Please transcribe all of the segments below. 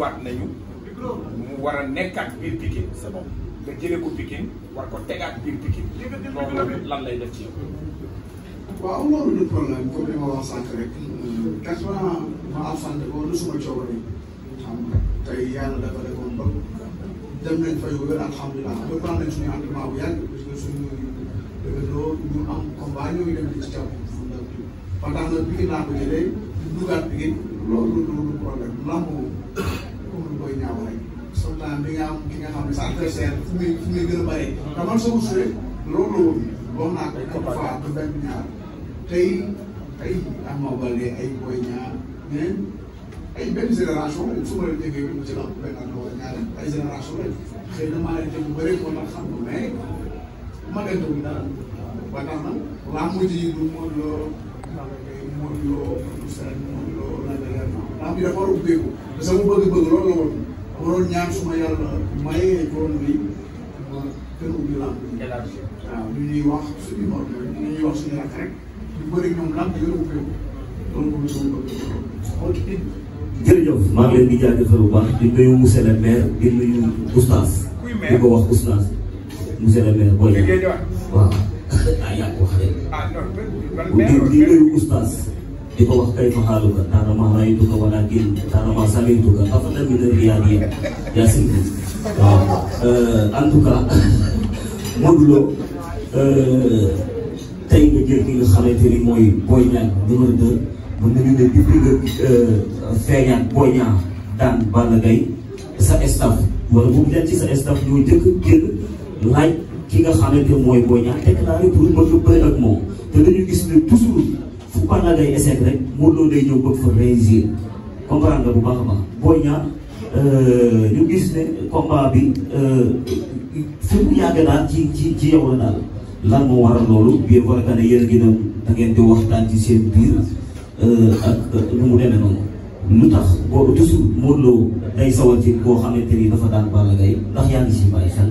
waat nañu mu war a nekkaat biir Pikine c'est bon nga jëlee ko Pikine war ko tegaat biir Pikine loolu lan lay def ci yow. waaw am loolu du problème comme li ma wax sànq rek quatre ans ma am sant boobu du suma coobare xam nga tey yàlla dafa defoon ba dem nañ fay wér alhamdulilah reprendre nañ suñu entraînement bu yàgg parce que suñu loolu ñu am combat ñoo ngi dem di ci jàpp pendant que Pikine laa ko jëlee dugaat Pikine loolu du problème lamb naan di nga am ki nga xam ne sa adversaire fu muy fu muy gën a bëree. te man sama souhait loolu la woon wax naa ko une fois du benn ñaar tey ay Ama Baldé ay Boy Niang ñeneen ay benn génération lañ su ma leen déggee mu ci làmb benn at wala ñaari ay génération lañ xëy na maa leen bu bëree moo tax xam nga mais ma gën a dara ba tax na làmb ji du Modou Lô Modou Lô Modou Lô Modou Làmb ji dafa war a ubbeeku te sama bëgg-bëgg loolu la woon. waroon ñaan suma yàlla mayee koon bi ma kër ubbi lamp bi waaw lu ñuy wax suñu mor lu ñuy wax suñu rakk rek ñu bëri ñoom lamp yooyu ubbeeku di ko wax kayfa haaluka taarama raaytuka walaakin taarama samituka afdal min ar-riyaadiin yaa ah, eh, sëñ bi waaw en tout cas Modou Lo eh, tey nga ki nga xamante ni mooy Boy Niang numéro 2 mën nañu ne depuis nga eh, feeñaat daan Balla Gaye sa staff wala boobu leen sa staff ñoo jëkk ki nga xamante mooy Boy Niang déclaré pour mën a bëri ak moom te dañu gis ne toujours fu Balla Gaye échec rek Modou Lo day ñëw bëgg fa réussir comprendre bu baax a baax Boy euh, bi euh, fi mu yàgg daal ci ci ci lan moo waral loolu bien vrai que ne yéen gi dem da ngeen di waxtaan ci seen biir euh, ak nu mu demee noonu lu tax boo toujours Modou Lo day sawar ci koo xamante ni dafa daan Balla Gaye ndax yaa ngi si bàyyi xel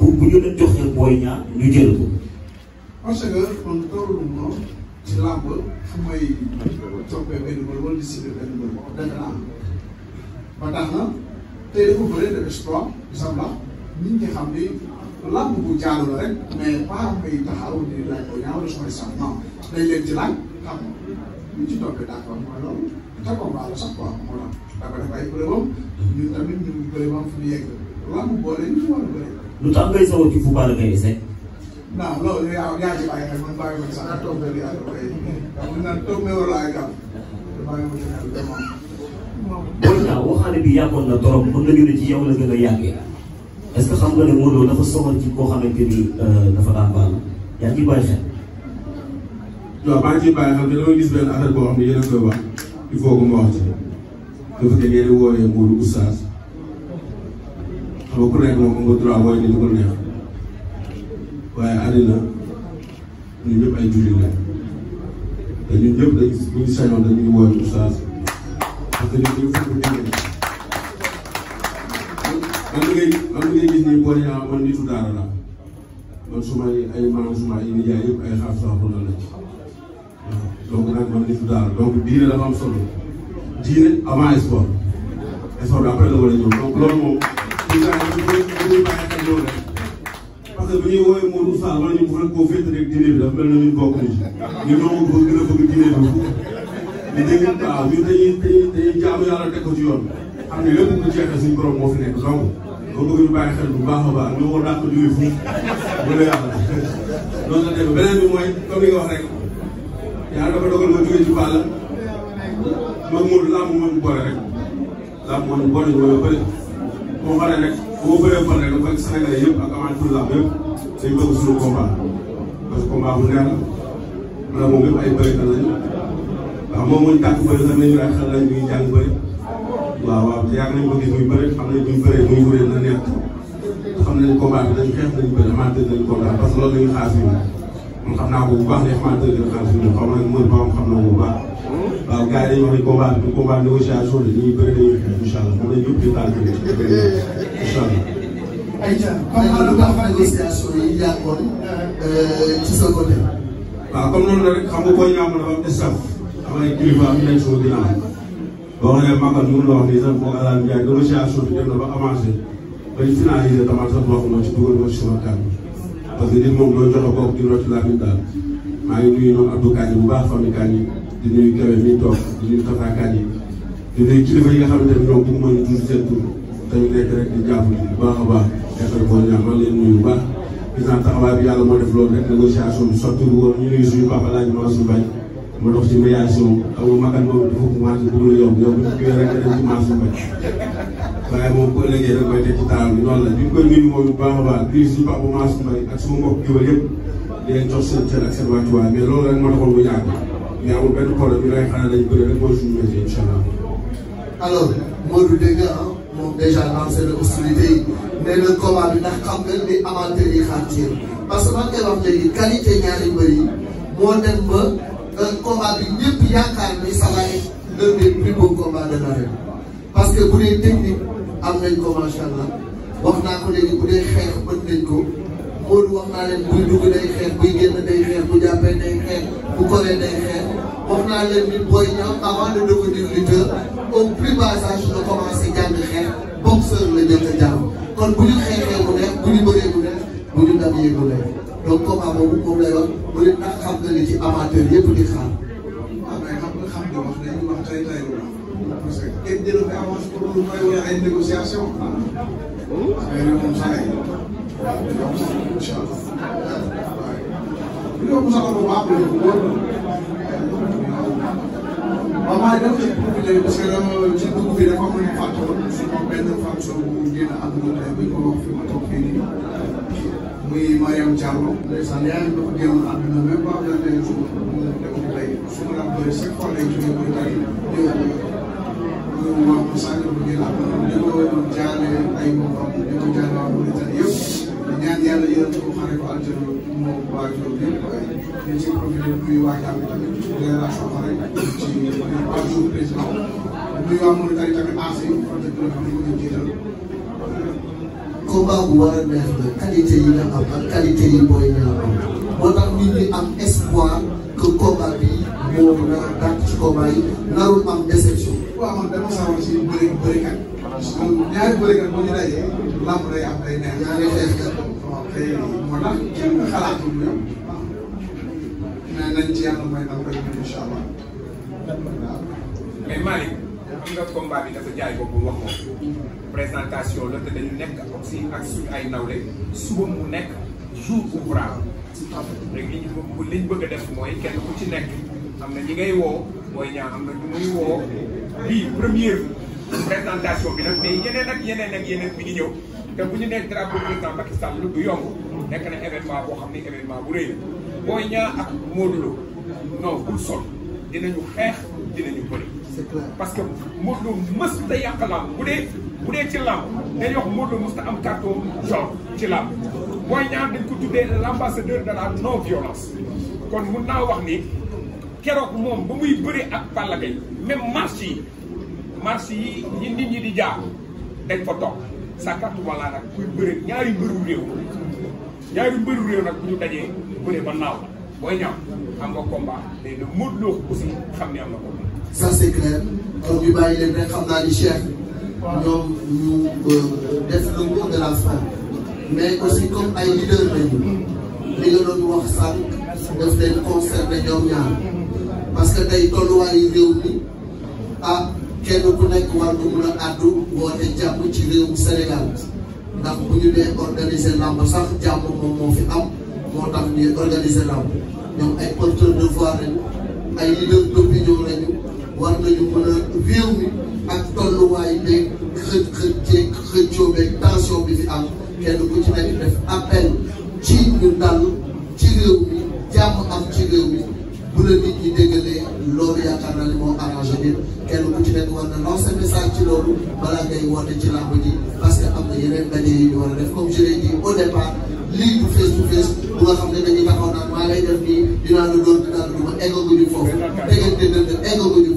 bu bu ñu leen joxee booy ñaar ñu jël ko. parce que man tollu ma ci làmb fu may toppee benn bër wala di si benn bër wax dëgg naa ba tax na tey dafa bëre def exploit bisimilah nit ñi ni làmb bu la rek mais pas may taxaw di laaj booy ñaar wala sooy sax non dañ leen ci laaj xam ñu ci toppee d'accord mooy loolu te combat la sax quoi moo tax dafa def ay preuve am ñun tamit ñu ngi bëri ba am fu ñu yegg làmb war a lu tax ngay sawar ci Fouba la ngay ese. non yaa yaa ci bàyyi xel man bàyyi ma ci sax yaa toog rek ndax mu naan toog meewul laay gàll. bàyyi ma ci xel bi na trop euh, baal yaa ngi bàyyi xel. waaw maa ngi ciy bàyyi xel mais dama gis benn affaire boo xam ne yéen a koy wax il xam nga ku nekk moom am ni ñu ko neex waaye àddina ñun ñëpp ay jullit lañ te ñun ñëpp dañ bu ñu sañoon dañuy wooy oustaz parce que ñun dañu fekk ñeneen man da ngay man da ngay gis ni boo yaa man nitu daara la man su may ay maam su ma ay nijaay yëpp ay xaar sax la lañ donc nag man nitu daara donc diine dafa am solo diine avant sport sport bi après la war a ñëw donc parce que bu ñuy woowee Modou Fall wala ñu mën koo féete rek diine bi dafa mel ni ñun bokk nañu ñun ñoo ko gën a bëgg diine bi ñu dégg waaw ñun dañuy dañuy dañuy jaamu yàlla teg ko ci yoon xam ne lépp lu jeexal suñu borom moo fi nekk donc ba bëgg ñu bàyyi xel bu baax a baax ñoo ko dàq jógee fii bu la yàlla loolu la demee beneen bi mooy comme li nga wax rek yàlla dafa dogal nga jógee ci Balla moom Modou làmb moo ñu boole rek làmb moo ñu boole ñu bëri boo paree rek boo bëree pare rek dafa Sénégalais yëpp ak amatul làmb yëpp dañ bëgg suñu combat parce que combat bu neex la moom yëpp ay bërikat lañu waaw moom moo ñu tàkk bëri sax nañu naan xel lañ ñuy jàng bëri waaw waaw te yàgg nañ ko gis muy bëri xam nañ buñ bëree muy wuree na neex xam nañ combat bi dañ xeex nañ bëri amatul nañ combat parce que loolu la ñuy xaar fii man xam naa ko bu baax de xamante ne xaalis bi xaw ma ne mën ba xam naa ko bu baax. waaw gars yi dañuy wax ne combat bi combat négociation la ñuy bëri dañuy xeex incha allah moom la ñu yóbbu di tànn incha allah. ayca comme maanaam négociation yi yàggoon euh, ci sa côté. waaw comme noonu la rek xam nga booy ñaama dafa am staff am ay kilifa am nañ sama ginnaaw boo xam ne Magal mën na wax ni sax moo alal njaay négociation bi dem na ba avancé bañ finalisé tamit sax waxuma ci dugal ma ci sama kàddu parce que nit moom doo joxe kooku di rocc laa min daal maa ngi nuyu ñoom Abdou Kane bu baax famille Kane yi di nuyu Kébé mi toog di nuyu Tata Kane yi di nuyu kilifa yi nga xamante ne ñoom bëgguma ñu tudd seen tur te ñu nekk rek di jàpp bu baax a baax yaakaar boo ñaan man leen nuyu bu baax gis naa taxawaay bi yàlla moo def loolu rek négociation bi sotti woon ñu nuyu suñu papa laaj ma suñu bañ ma dox ci médiation amul magal boobu dafa commencé dugg na yow yow ba ci rek dem ci marché mbay waaye moom bu ëllëgee rek mooy teg ci taal bi noonu la bi ñu koy nuyu moom bu baax a baax di suñu papa marché mbay ak suma mbokk jiwal yëpp di leen jox seen cër ak seen wàccuwaay mais loolu rek ma taxoon bu ñàkk mais amul benn problème ñu lay xaar dañu bëri rek mooy suñu métier incha allah. alors Modou dégg nga ah moom dèjà lancé na hostilité yi nee na combat bi ndax xam nga li amateur yi xaar ci parce que man kay wax léegi qualité ñaari mbër yi moo dem ba ba combat bi ñëpp yaakaar ni ça va être l'un des am nañ ko macha wax naa ko léegi bu dee xeex mën nañ ko wax naa leen buy dugg day xeex buy génn day xeex bu jàppee day xeex bu koree day xeex wax naa leen ni Boy Niang avant de devenir lutteur au plus bas âge la commencé xeex boxeur la jëkk a jàng kon bu ñu xeexee bu neex bu ñu bëree bu bu ñu dabee bu neex. donc combat boobu moom lay wax ba léegi ndax xam nga li ci amateur yëpp di xaar. waaw ah, mais xam nga xam nga wax nañu wax tay tay lu parce que kenn jëloon fi avance pour lu may wala ay négociation. affaire ah, yi moom saa yi. waaw du yomb sax incha allah. waaw du yomb sax bu baax la bu wóor waaw maa ngi def ci profité parce que dama ci dugub bi dafa am lu mu fàttewoon si moom benn femme bu génn àdduna tey bi ñu ko wax fi ma toog fii nii muy Mariam Diallo ndeysaan yaayam dafa génnoon àdduna même pas vingt et un mu dem ci tey su ma daan bëri chaque fois lay jógee ba tey ñëw ñëw ma ko sànni bu génn àdduna ñu ko jaale ay bokkam ñu ko jaale waa Mauritanie yëpp di ñaan yàlla yërëm ko xare ko aljana moo baax loolu yëpp ñu ci profité muy waaj am tamit génération xare ci par jour président muy waa Mauritanie tamit ancien protecteur xam ne ñu ko jiital combat bu war a neex la qualité yi nga am ak qualité yi booy ñaar moo tax nit ñi am espoir que combat bi moo mën a dàq ci combat yi narul am déception. waaw man dama sawoon si bëri bërikat. man ñaari bërikat bu ñu dajee lamb day am day neex. ñaari xeexkat. waaw kay moo tax kenn xalaatul ñoom. waaw mais nañ ci yàlla may ndaw rek incha allah. mais Malick. xam nga combat bi dafa jaay boobu wax moom présentation la te dañu nekk ak si ak suñu ay nawle suba mu nekk jour ouvrable rek li ñu liñ bëgg a def mooy ku ci nekk am na ñi ngay woo mooy ñaa am na ñu muy woo bii première présentation bi nag mais yeneen ak yeneen ak yeneen bi ñu ñëw te bu ñu nekk drapeau président Macky Sall lu du yomb nekk na événement boo xam ne événement bu rëy la booy ñaa ak Modou Lo bul sol dinañu xeex dinañu bëri parce que Modou Lo mësut a yàq làmb bu dee bu dee ci làmb dañuy wax Modou Lo mësut a am carton jaune ci làmb Boy Niang dañ ko tuddee l'ambassadeur de la non violence kon mun naa wax ni keroog moom ba muy bëri ak Balla Gaye même marche yi marche yi nit ñi di jaar dañ fa toog sa carte wala nag kuy bëri ñaari mbëru réew nag bu ñu dajee bëri ba naaw Boy Niang am nga combat léegi nag Modou Lo aussi xam ne am na ko ça c'est clair kon ñu bàyyi leen rek xam naa ni Cheikh ñoom ñu euh, def le mot de la fin mais aussi comme ay leader lañu li nga doon wax sànq daf leen concerné ñoom ñaar parce que tey tolluwaayu réew mi ah kenn ku nekk war nga mun a àddu woote jàmm ci réewum Sénégal ndax bu ñu dee organiser làmb sax jàmm moom moo fi am moo tax ñuy organiser làmb ñoom ay porteurs de voix lañu ay leaders d'opinion lañu. war nañu mën a réew mi ak tolluwaay beeg xë xëj xëccoo beeg tension bi fi am kenn ku ci nekk def appel ci ñu dal ci réew mi jàmm am ci réew mi bu la nit ñi déggalee loolu yaakaar naa ne moo arrangé nit kenn ku ci nekk war na lancer message ci loolu balaa ngay woote ci làmb ji parce que am na yeneen ndaje yu ñu war a def comme je l'ai dit au départ lii du face to face bu nga xam ne dañuy taxaw naan maa lay def nii dinaa la doon dinaa la duma eggaguñu foofu tegante dënd eggaguñu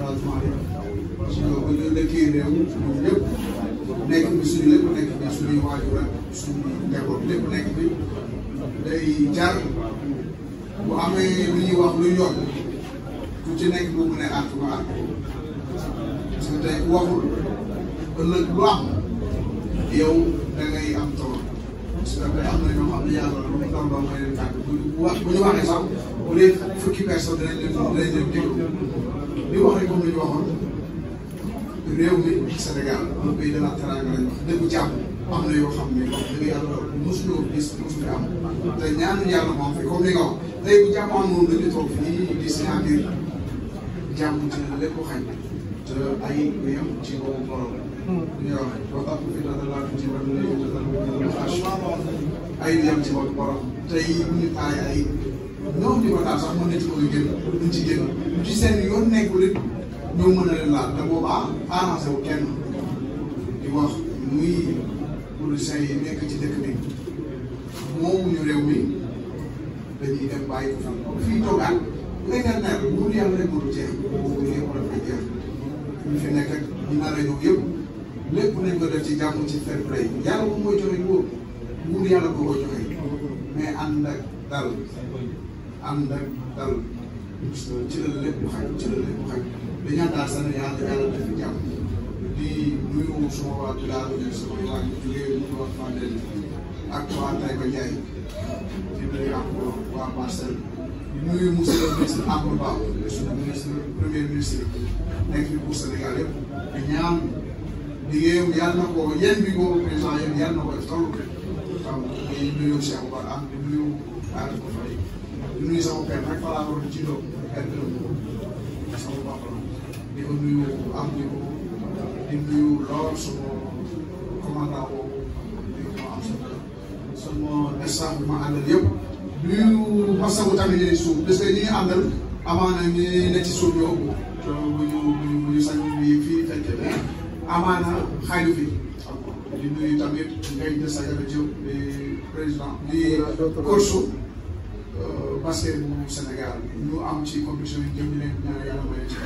changement bi suñu ba ñu dëkkee réew ñun ñëpp nekk bi suñu lépp nekk bi suñuy waajur ak suñu njaboot lépp nekk bi day jar bu amee lu ñuy wax lu yoon ku ci nekk bu mën a ànd ba ànd parce que tey lu am yow da ngay am tawam. parce que am na ñoo xam ne yàlla lu mu tolloo mooy leen tàgg bu wax bu ñu waxee sax au lieu fukki personne dinañ leen dinañ leen déglu li wax rek comme li ñu waxoon réew mi Sénégal un pays de la teranga lañ wax dëgg jàmm am na yoo xam ne wax dëgg yàlla mosuloo gis mosul am te ñaanu yàlla moom fi comme ni nga wax tey bu jàmm amoon dañu toog fii di signature jàmm dina lépp xañ te ay réew ci boobu borom li nga wax ba tax fi dana laa ci ay dem ci bopp borom tey bu ñu paree ay ñoom di ko daal sax mën na ci bëgg a génn duñ ci génn ñu ci seen yoon nekkul it ñoo mën a leen laal te boobaa arrangé wu kenn di wax muy yi nekk ci dëkk bi moomuñu réew mi dañuy dem bàyyi ko fan. fii toogaan léeg-léeg nawet bi bu yàlla rek mënu jeex boobu ñu yëpp dafay jeex ñu fi nekk ak ñu nar a ñëw yëpp lépp nañ ko def ci jàmm ci fair play yàlla moom mooy joxe ñu wóor. nguur yàlla boo ko joxee mais ànd ak dal ànd ak dal ci la lépp xaj ci la lépp xaj dañaan daal sax ne yàlla yàlla def jàmm di nuyu sama waa Tullaro di samay waa ñu jógee ñu wax Fandène ak waa Taïba Ndiaye di nuyu ak waa Marcel di nuyu monsieur le ministre Amadou Ba suñu ministre premier ministre nekk fi pour Sénégal yëpp di ñaan liggéeyam yàlla na ko yéen bi boobu président yéen yàlla na ko def toolu xam muy nuyu Cheikh Oumar am di nuyu Aliou ko fay di nuyu sama père rek fa laa ko ci doom père gërëm ko sama bopp la di ko nuyu am di ko di nuyu lool sama am sama sama staff bi ma àndal yëpp nuyu masawu tamit ñuy suuf parce que ñi àndal amaana ñi ne ci suuf yoo ëpp te ñu bu ñu bu ñu sañ bi fii fekk amaana xaaju fii di nuyu tamit Ngagne Sagara Diop di président di coach basket bu Sénégal ñu am ci compétition yi jëm leen ñaar yàlla may ci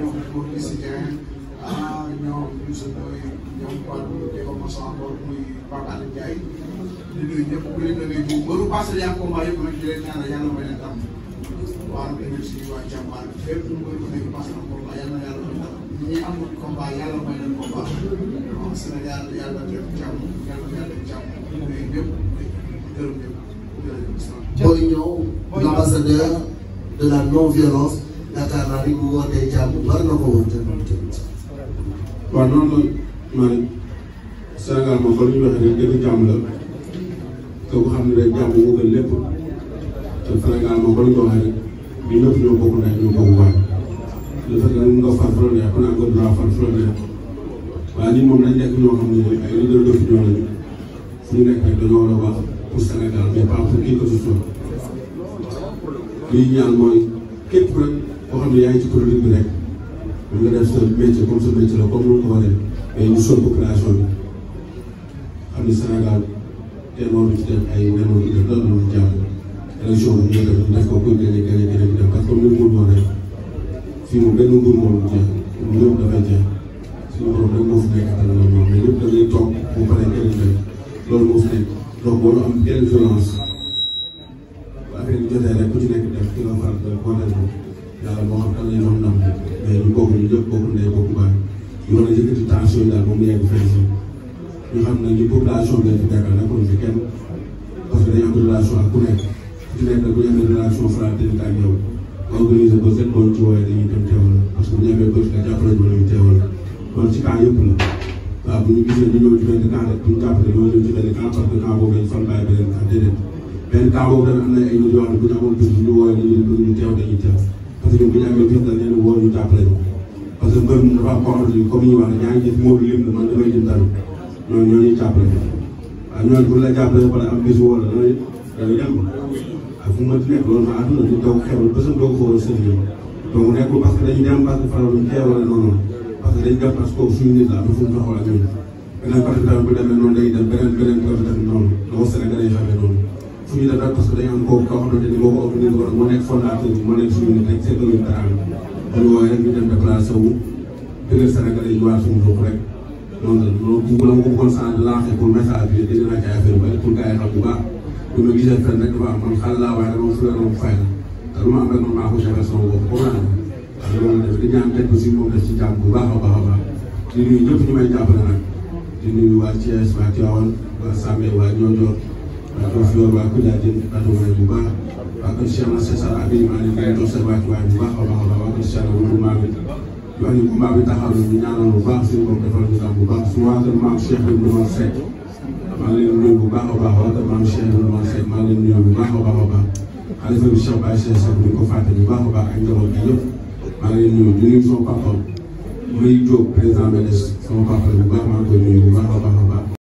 ñoom pour Lissi Dieng ah ñoom Youssou Ndoye ñoom wàllu déformation encore muy Pape Alioune Ndiaye di nuyu ñëpp ku leen dangay bu mënu passé yaa combat yëpp nag di leen ñaanal yàlla may leen tam waa énergie waa jàmbaar fépp ñu ko nekk passé na combat yàlla yàlla ñi amul combat yàlla may leen combat waaw Sénégal yàlla def jàmm yàlla yàlla def jàmm mais ñëpp gërëm ñëpp jërëjëf. booy ñëw l'ambassadeur de la non violence yaakaar naa ni bu wootee jàmm war na ko woon tamit. waaw noonu la ma ne Sénégal moom ba lu ñu waxee rek dëgg jàmm la te ku xam ne rek jàmm moo gën lépp te Sénégal moom ba lu ñu waxee rek ñun ñëpp ñoo bokk ndey ñoo bokk waay. le fait que mun nga fan fu la neex ku ne am nga droit fan fu la neex waaye ñun moom dañ nekk ñoo xam ne ay leader d'opinion lañu fu ñu nekk rek dañoo war a wax pour Sénégal mais pas pour qui que ce soit lii ñaan mooy képp rek koo xam ne yaa ngi ci politique bi rek mun nga def sa métier comme sa métier la comme lu ko waree mais ñu sol population bi xam ne Sénégal tey moo ci def ay nenoo di def loolu la ñu jàpp élection bi ñu def ko kuy gagné gagné gagné bi dem parce que comme ni mu mën rek fii moom benn nguur moom du jeex ñëpp dafay jeex suñu borom rek moo fi nekk ak loolu moom mais ñëpp da ngay toog bu paree keneen rek loolu moo fi nekk donc waru am benn violence affaire yi jotee rek ku ci nekk def ki nga faral di kontaan moom yàlla moo xam daal lay doon ndam mais ñu bokk ñu ñëpp bokk ndey bokk baay ñu war a yëkkati tension yi daal ba mu yegg fenn si ñu xam ne ñu population bi lañ fi nekkal nekkul fi kenn parce que dañu am relation ak ku nekk ku ci nekk da nga ko yemee relation fraternité ak yow. organiser ba seen mboolu ci wooyee dañuy dem teewal parce que bu ñu amee bés nga jàppale ñu dañuy teewal loolu ci cas yëpp la waaw bu ñu gisee ñu ñëw ci benn cas rek bu ñu jàppale ñoo ñëw ci benn cas parce que cas boobu dañu fan bàyyi beneen cas déedéet benn cas boobu tamit am na ay nit yoo xam ne bu ñu amoon bés bu ñu wooyee dañuy bëgg ñu teew dañuy teew parce que bu ñu amee bés dañ leen woo ñu jàppale ñu parce que mbër mi dafa am koo xamante ni comme ñu wax ne ñaa ngi gis moobi lim na man damay jëm tamit ñooñu ñoo ñuy jàppale waaw ñooñu bu la jàppale ba pare am bés woo la dana dana yàgg ak fu mu mënti nekk loolu nag àdduna du daw xewal ba suñu doog a xoolal sëriñ bi donc nekkul parce que dañu dem parce que faral duñ teewale noonu parce que dañ dem parce que suñu nit la am fu mu taxawal ak ñun. beneen côté bi tamit bu demee noonu dañuy dem beneen beneen côté tamit noonu loolu Sénégal yi xamee noonu fu ñu dem nag parce que dañu am kooku koo xamante ni boo ko ëpp nit ko moo nekk fondateur bi moo nekk suñu nit rek seen ëllëg dara am ñu wooyee rek ñu dem déplacé wu dëggal Sénégal yi ñu waar suñu bopp rek noonu la loolu bu la ma ko bëggoon sànni laaxee pour message bi dina nekk ay affaire yu bëri pour gars yi xam bu baax ku ma gisee fenn rek man xale laa waaye dama fure dama fay la te lu ma am rek man maa ko joxe sama bopp ba ma ne ma def di ñaan teg ko si moom def ci baax a baax a baax di nuyu ñëpp ñu may jàppale nag di nuyu waa Thiès waa Tivaouane waa Sambé waa Niodior waa Diofior waa Koudiadiene atumane bu baax waa kër Cheikh Massa Sarr ak Limane di leen jox seen waa bu baax a baax a baax waa kër Cheikh Oumou Mame di wax ni combat bi taxaw na ñu ñaanal bu baax suñu bopp defal ñu bu baax su waa kër maam Cheikh Ibrahima Seck maa ngi leen nuyu bu baax a baax a baax a baax xalifa bi Cheikh Baye Cheikh Sakho duñ ko fàtte bu baax a baax ak njaboot bi yëpp maa ngi leen nuyu di nuyu sama papa muy Diop président BDS sama papa bu baax maa ngi koy nuyu bu baax a baax a baax